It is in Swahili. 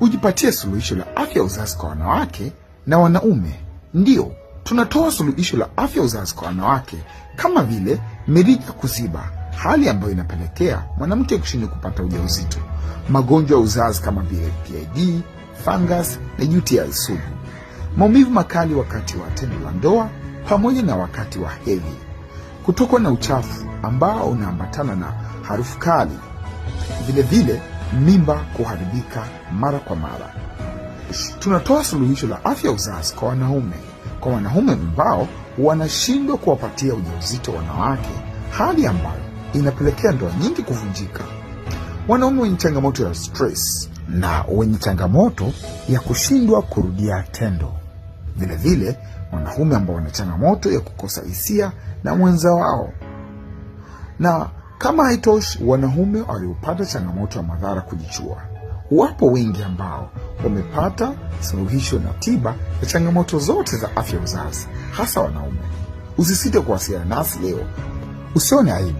ujipatie suluhisho la afya uzazi kwa wanawake na wanaume. Ndiyo, tunatoa suluhisho la afya uzazi kwa wanawake kama vile mirija kuziba, hali ambayo inapelekea mwanamke kushindwa kupata ujauzito, magonjwa ya uzazi kama vile PID, fungus na UTI sugu, maumivu makali wakati wa tendo la ndoa pamoja na wakati wa hedhi, kutokwa na uchafu ambao unaambatana na harufu kali, vilevile mimba kuharibika mara kwa mara. Tunatoa suluhisho la afya uzazi kwa wanaume, kwa wanaume ambao wanashindwa kuwapatia ujauzito wanawake, hali ambayo inapelekea ndoa nyingi kuvunjika. Wanaume wenye changamoto ya stress na wenye changamoto ya kushindwa kurudia tendo, vilevile wanaume ambao wana changamoto ya kukosa hisia na mwenza wao na kama haitoshi, wanaume waliopata changamoto ya madhara kujichua, wapo wengi ambao wamepata suluhisho na tiba ya changamoto zote za afya uzazi, hasa wanaume. Usisite kuwasiliana nasi leo, usione aibu.